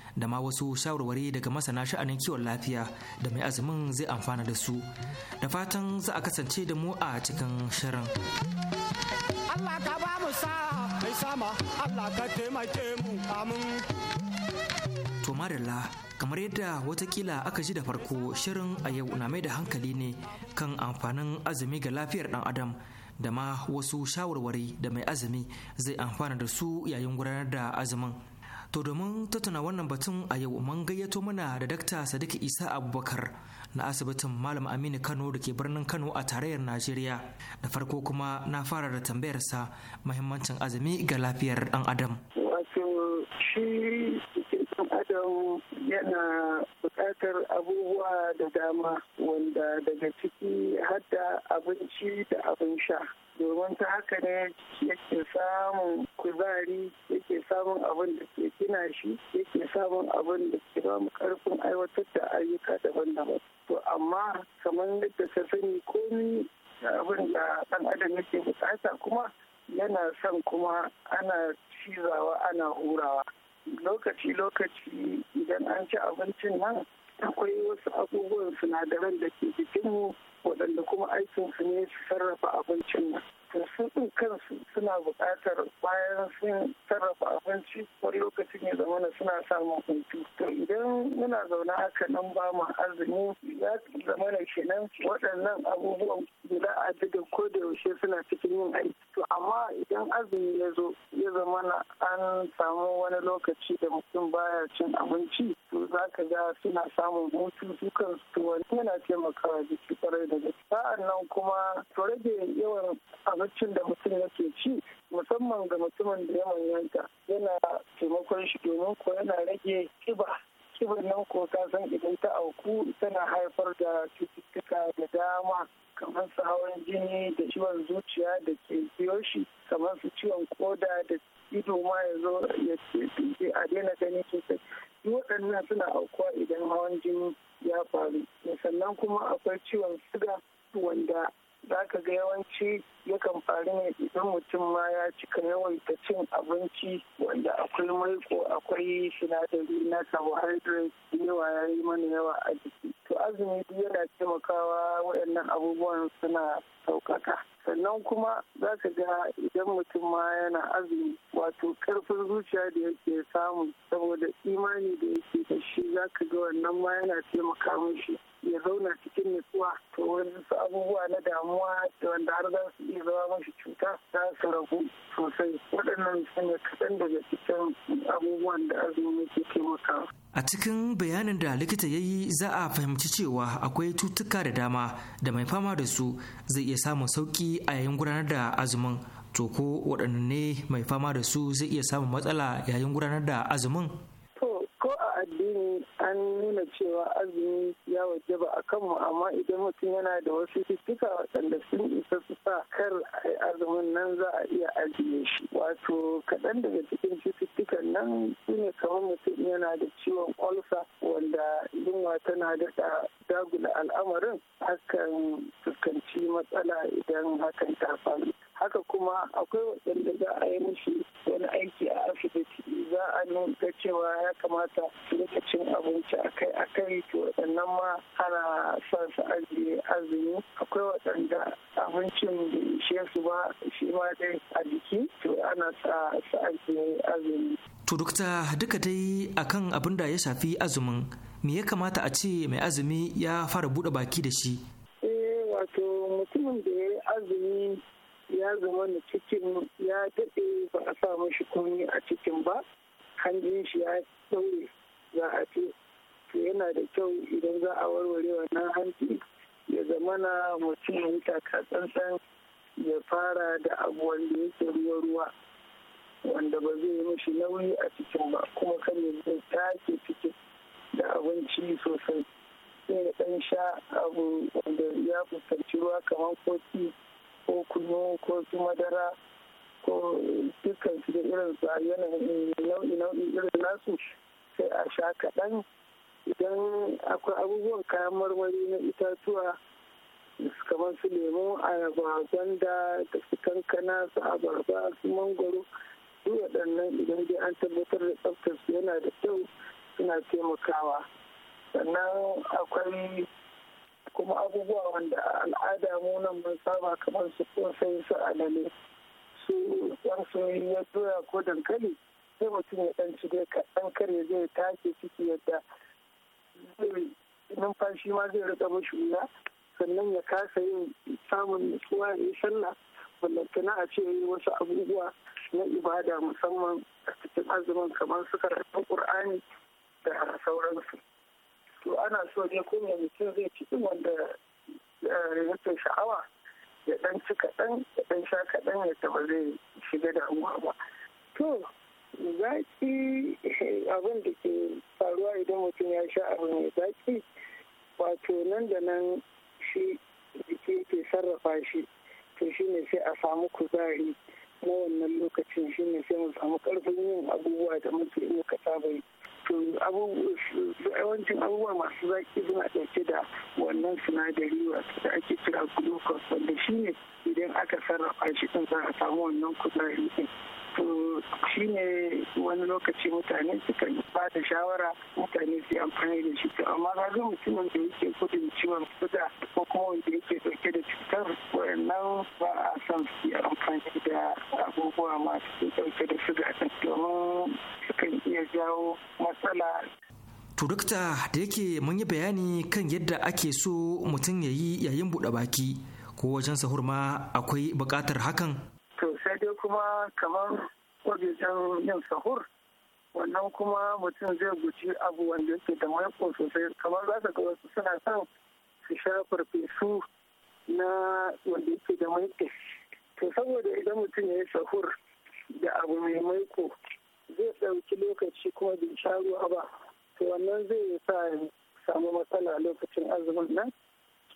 da ma wasu shawarwari daga masana sha'anin kiwon lafiya da mai azumin zai amfana da su da fatan za a kasance da mu a cikin shirin Allah ka ba mu sa mai sama Allah ka taimake mu amin to marilla kamar yadda watakila aka ji da farko shirin a yau na mai da hankali ne kan amfanin azumi ga lafiyar dan adam da ma wasu shawarwari da mai azumi zai amfana da su yayin gudanar da azumin To domin tattauna wannan batun a yau mun gayyato mana da Dakta Sadiq Isa Abubakar na asibitin Malam Aminu Kano da ke birnin Kano a tarayyar Najeriya. Da farko kuma na fara da tambayarsa muhimmancin azumi ga lafiyar ɗan adam. Wato shi ɗan adam yana buƙatar abubuwa da dama wanda daga ciki hadda abinci da abin sha. domin ta haka ne yake samun kuzari yake samun abin da ke gina shi yake samun abin da ke ba karfin aiwatar da ayyuka daban-daban to amma kamar yadda ka sani komi abin da ɗan adam yake bukata kuma yana son kuma ana cizawa ana hurawa lokaci-lokaci idan an ci abincin nan akwai wasu abubuwan sinadaran da ke jikinmu waɗanda kuma aikinsu ne su sarrafa abincin nan to su ɗin kansu suna buƙatar bayan sun sarrafa abinci wani lokacin ya zamana suna samun hutu to idan muna zaune haka nan ba mu azumi ya zamana kenan waɗannan abubuwan guda a jikin ko da yaushe suna cikin yin aiki to amma idan azumi ya zo ya zamana an samu wani lokaci da mutum baya cin abinci to za ka ga suna samun hutu su kansu to wani yana taimakawa jiki kwarai da gaske sa'an nan kuma to rage yawan abincin da mutum yake ci musamman ga mutumin da ya manyanta yana taimakon shi domin ko yana rage kiba kibar nan ko ta san idan ta auku tana haifar da cututtuka da dama kamar su hawan jini da ciwon zuciya da ke biyo shi kamar su ciwon koda da ido ma ya zo ya a daina gani sosai waɗannan suna aukuwa idan hawan jini ya faru sannan kuma akwai ciwon suga wanda za ka ga yawanci yakan faru ne idan mutum ma ya cika yawaita cin abinci wanda akwai mai ko akwai sinadari na carbohydrate yawa ya yi mana yawa a jiki to azumi yana taimakawa waɗannan abubuwan suna sauƙaƙa sannan kuma za ka ga idan mutum ma yana azumi wato karfin zuciya da yake samu saboda imani da yake da shi za ka ga wannan ma yana taimaka mishi ya zauna cikin nutsuwa to su abubuwa na damuwa da wanda har za su iya zama mashi cuta za su ragu sosai waɗannan sun kaɗan daga cikin abubuwan da azumi ke taimakawa. a cikin bayanin da likita ya yi za a fahimci cewa akwai cutuka da dama da mai fama da su zai iya samun sauƙi a yayin gudanar da azumin to ko waɗanne mai fama da su zai iya samun matsala yayin gudanar da azumin addini an nuna cewa azumi ya wajaba a kanmu amma idan mutum yana da wasu cututtuka waɗanda sun isa su sa kar azumin nan za a iya ajiye shi wato kaɗan daga cikin cututtukan nan su ne kamar mutum yana da ciwon olsa wanda yunwa tana daɗa dagula al'amarin hakan fuskanci matsala idan hakan ta faru haka kuma akwai waɗanda za a yi musu wani aiki a asibiti za a nuna cewa ya kamata lokacin abinci a kai-a kai to waɗannan ma ana sa su ajiye azumi akwai waɗanda abincin bai su ba shi ma dai a jiki to ana sa su ajiye azumi. to dokta duka dai akan abin da ya shafi azumin me ya kamata a ce mai azumi ya fara buɗe baki da shi. eh wato mutumin da ya azumi ya zama na cikin ya daɗe ba a sa mashi komi a cikin ba hanjin shi ya ɗaure za a ce to yana da kyau idan za a warware wannan hanji ya zama na mutum ya yi tsantsan ya fara da abu wanda yake ruwa ruwa wanda ba zai yi mashi nauyi a cikin ba kuma kan ya zai take cikin da abinci sosai sai da ɗan sha abu wanda ya fuskanci ruwa kamar kofi ko kunu ko su madara ko dukkan su da irin su a yanayin nau'i nau'i irin nasu sai a sha kaɗan idan akwai abubuwan kayan marmari na itatuwa kamar su lemu ayaba gwanda da su kankana su abarba su mangwaro duk waɗannan idan dai an tabbatar da tsaftar su yana da kyau suna taimakawa sannan akwai kuma abubuwa wanda al'ada mu nan mun saba kamar su kunsai su alale su yan soyayya, ya doya ko dankali sai mutum ya dan ci dai kaɗan kare zai tashi ciki yadda zai numfashi ma zai rika mashi wuya sannan ya kasa yin samun nutsuwa ya shanna sallah ballantana a ce yi wasu abubuwa na ibada musamman a cikin azumin kamar su karatun ƙur'ani da sauransu. to ana so ne ko mai mutum zai ci wanda eh, yake sha'awa ya dan ci kaɗan ya dan sha kaɗan ya taɓa zai shiga damuwa ba to zaki abin da ke faruwa idan mutum ya sha abu mai zaki wato nan da nan shi jiki yake sarrafa shi to shi ne sai a samu kuzari na wannan lokacin shi ne sai mu samu karfin yin abubuwa da muke muka saba yi yawancin abubuwa masu zaƙi suna ɗauke da wannan sinadari wato da ake kira glucose wanda shine idan aka sarrafa shi ɗin za a samu wannan kuzari din to shine wani lokaci mutane suka ba da shawara mutane su amfani da shi to amma mutumin da yake gudun ciwon suga ko kuma wanda yake dauke da cutar wayannan ba a son su yi amfani da abubuwa masu dauke da suga domin sukan iya jawo matsala To dukta da yake mun yi bayani kan yadda ake so mutum ya yi yayin buɗe baki ko wajen sahur ma akwai bukatar hakan to sai dai kuma kamar wajejen yin sahur wannan kuma mutum zai guji abu wanda yake da maiko sosai kamar za ka ga wasu suna son su sha farfesu na wanda yake da maiko to saboda idan mutum ya yi sahur da abu mai maiko zai ɗauki lokaci kuma bai sha ruwa ba to wannan zai sa ya samu matsala lokacin azumin nan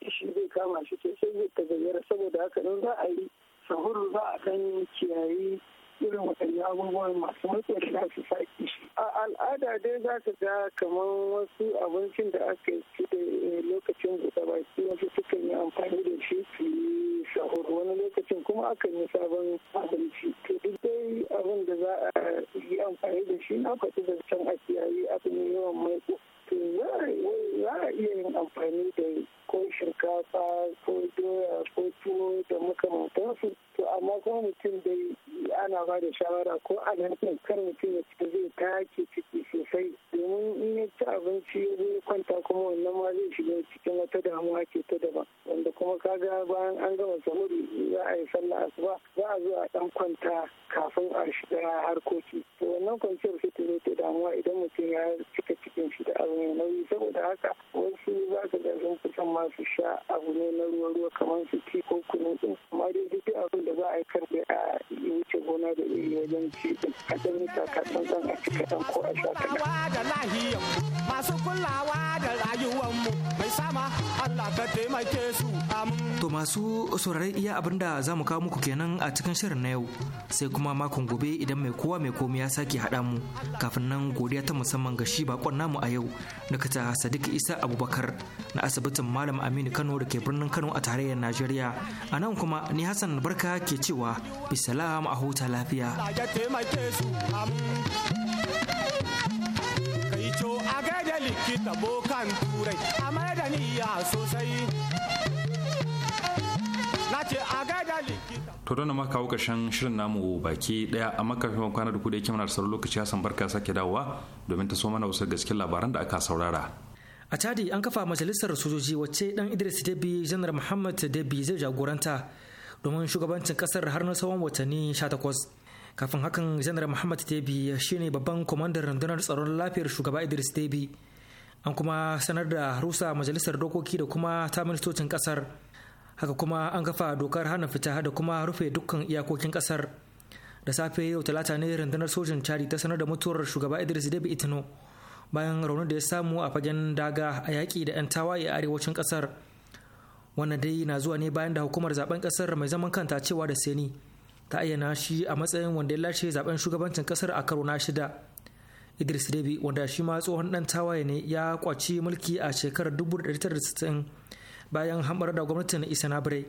shi zai kama shi sai zai ta gayyara saboda haka in za a yi sahur za a kan kiyayi irin waɗanne abubuwan masu matsayi da su saki. A al'ada dai za ka ga kamar wasu abincin da aka ci da eh, lokacin buɗe baki wasu sukan yi amfani da shi su yi sahur wani lokacin kuma aka yi sabon abinci. To duk dai abin da za a yi amfani da shi na faɗi da can a kiyaye abin yawan maiko. To za a iya yin amfani da shinkafa ko doya ko tuwo da makamantansu amma kuma mutum dai ana ba da shawara ko a nan kar mutum ya ci zai ke ciki sosai domin in ya ci abinci ya zai kwanta kuma wannan ma zai shiga cikin wata damuwa ke ta daban wanda kuma kaga bayan an gama samuri za a yi sallah asuba za a zo a dan kwanta kafin a shiga harkoki to wannan kwanciyar sai ta zo ta damuwa idan mutum ya cika cikin shi da abu mai nauyi saboda haka wasu za ka ga sun kusan masu sha abu ne na ruwa-ruwa kamar su ti ko kunu din amma dai duk abin da za a ya karbe a wuce gona da iri wajen ci a ɗan nisa kaɗan ɗan a ci kaɗan ko a sha kaɗan. Masu kulawa da rayuwanmu mai sama Allah ka taimake su To masu sauraron iya abin da za mu kawo muku kenan a cikin shirin na yau sai kuma makon gobe idan mai kowa mai komai ya sake haɗa mu kafin nan godiya ta musamman ga shi bakon namu a yau kata Sadiq Isa Abubakar na asibitin Malam Aminu Kano da ke birnin Kano a tarayyar Najeriya. A nan kuma ni Hassan Barka ke cewa bisalam a huta lafiya a gaida likita To don ma kawo ƙarshen shirin namu baki ɗaya a makafin kwana da kudai kimanar sauran lokaci Hassan Barka sake dawowa domin ta so mana wasu gaskin labaran da aka saurara. A Chadi an kafa majalisar sojoji wacce dan Idris Debi Janar Muhammad Debi zai jagoranta domin shugabancin kasar har na tsawon watanni 18 kafin hakan janar muhammad tebi shine babban kwamandar rundunar tsaron lafiyar shugaba idris tebi an kuma sanar da rusa majalisar dokoki da kuma ta ministocin kasar haka kuma an kafa dokar hana fita da kuma rufe dukkan iyakokin kasar da safe yau talata ne rundunar sojin cari ta sanar da mutuwar shugaba idris debi itino bayan raunin da ya samu a fagen daga a yaƙi da 'yan tawaye a arewacin kasar wannan dai na zuwa ne bayan da hukumar zaben kasar mai zaman kanta cewa da seni ta ayyana shi a matsayin wanda ya lashe zaben shugabancin kasar a karo na shida idris debi wanda shi ma tsohon dan tawaye ne ya kwaci mulki a shekarar 1960 bayan hambar da gwamnatin isa nabre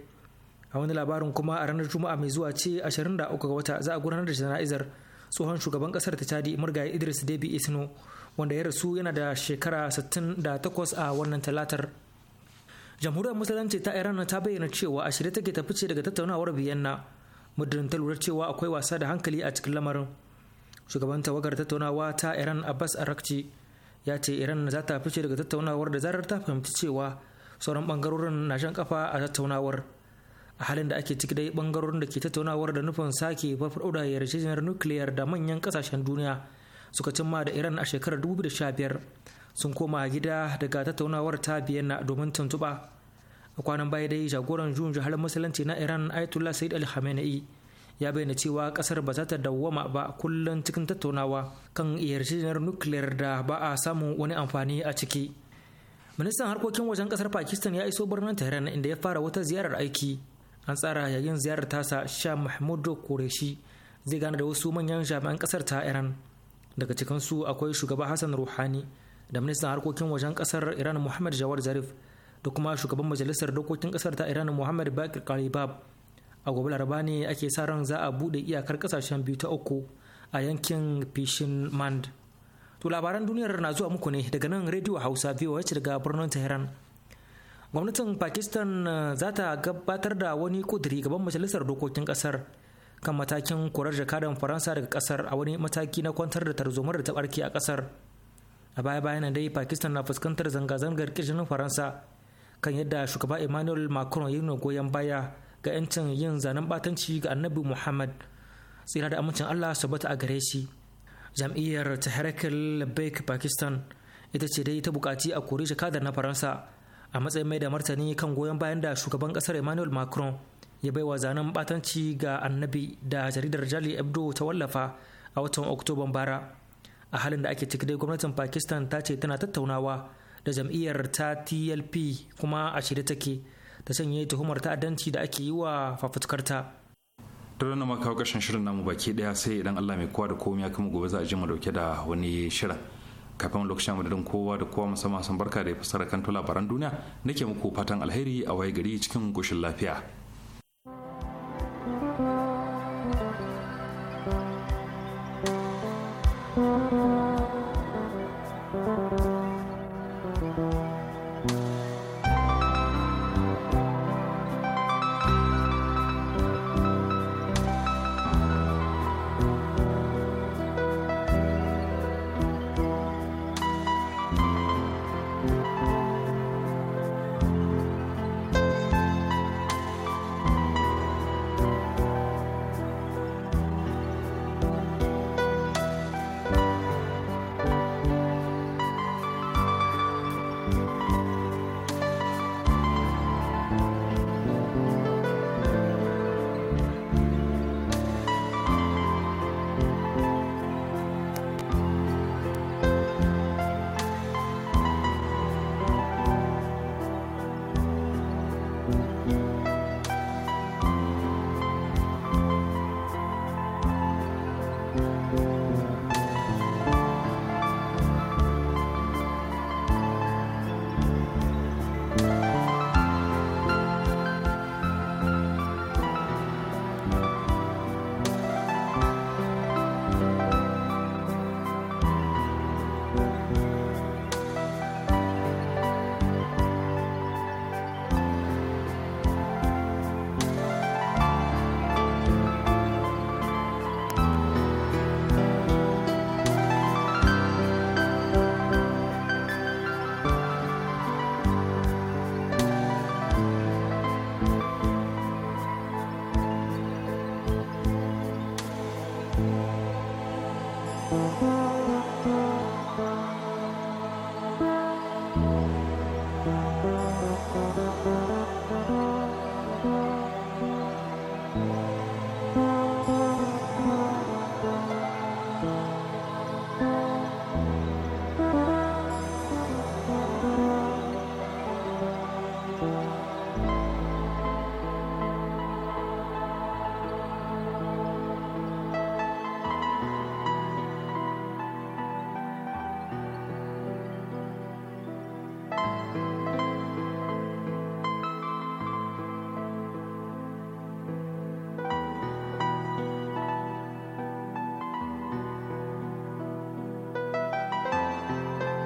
a wani labarin kuma a ranar juma'a mai zuwa ce 23 ga wata za a gudanar da jana'izar tsohon shugaban kasar ta cadi murgaye idris debi isno wanda ya rasu yana da shekara 68 a wannan talatar jamhuriyar musulunci ta iran ta bayyana cewa a shirye take ta fice daga tattaunawar biyanna muddin ta lura cewa akwai wasa da hankali a cikin lamarin shugaban tawagar tattaunawa ta iran abbas arakci ya ce iran za ta fice daga tattaunawar da zarar ta fahimci cewa sauran bangarorin na shan kafa a tattaunawar a halin da ake ciki dai bangarorin da ke tattaunawar da nufin sake farfado yarjejeniyar nukiliyar da manyan kasashen duniya suka cimma da iran a shekarar 2015 sun koma gida daga tattaunawar ta biyanna domin tuntuɓa a kwanan baya dai jagoran juyin jihar musulunci na iran ayatollah said ali khamenei ya bayyana cewa kasar ba za ta dawwama ba kullum cikin tattaunawa kan yarjejeniyar nukiliyar da ba a samun wani amfani a ciki ministan harkokin wajen kasar pakistan ya iso birnin tehran inda ya fara wata ziyarar aiki an tsara yayin ziyarar tasa sha mahmudu kureshi zai gana da wasu manyan jami'an kasar ta iran daga cikinsu akwai shugaba hassan ruhani da ministan harkokin wajen kasar iran muhammad jawar zarif da kuma shugaban majalisar dokokin kasar ta iran muhammad bakir kalibab a gobe laraba ne ake sa ran za a bude iyakar kasashen biyu ta uku a yankin fishin mand to labaran duniyar na zuwa muku ne daga nan rediyo hausa voh daga birnin tehran gwamnatin pakistan eh, za ta gabatar da wani kudiri gaban majalisar dokokin kasar kan matakin korar jakadan faransa daga kasar a wani mataki na kwantar da tarzomar da ta barke a kasar a baya bayan dai pakistan na fuskantar zanga-zangar kirjinin faransa kan yadda shugaba emmanuel macron ya nuna goyon baya ga 'yancin yin zanen batanci ga annabi muhammad tsira da amincin allah bata a gare shi jam'iyyar tahrakil labbaik pakistan ita ce dai ta bukaci a kori jakadar na faransa a matsayin mai da martani kan goyon bayan da shugaban kasar emmanuel macron ya baiwa zanen batanci ga annabi da jaridar jali ebdo ta wallafa a watan oktoban bara a halin da ake ciki dai gwamnatin pakistan ta ce tana tattaunawa da jam'iyyar ta tlp kuma a shirye take ta sanya tuhumar ta'addanci da ake yi wa fafutukarta da ranar maka kashin shirin namu baki daya sai idan allah mai kowa da komai ya kama gobe za a ji mu dauke da wani shirin kafin lokacin madadin kowa da kowa musamman sun barka da ya fassara kanto labaran duniya nake muku fatan alheri a waye gari cikin goshin lafiya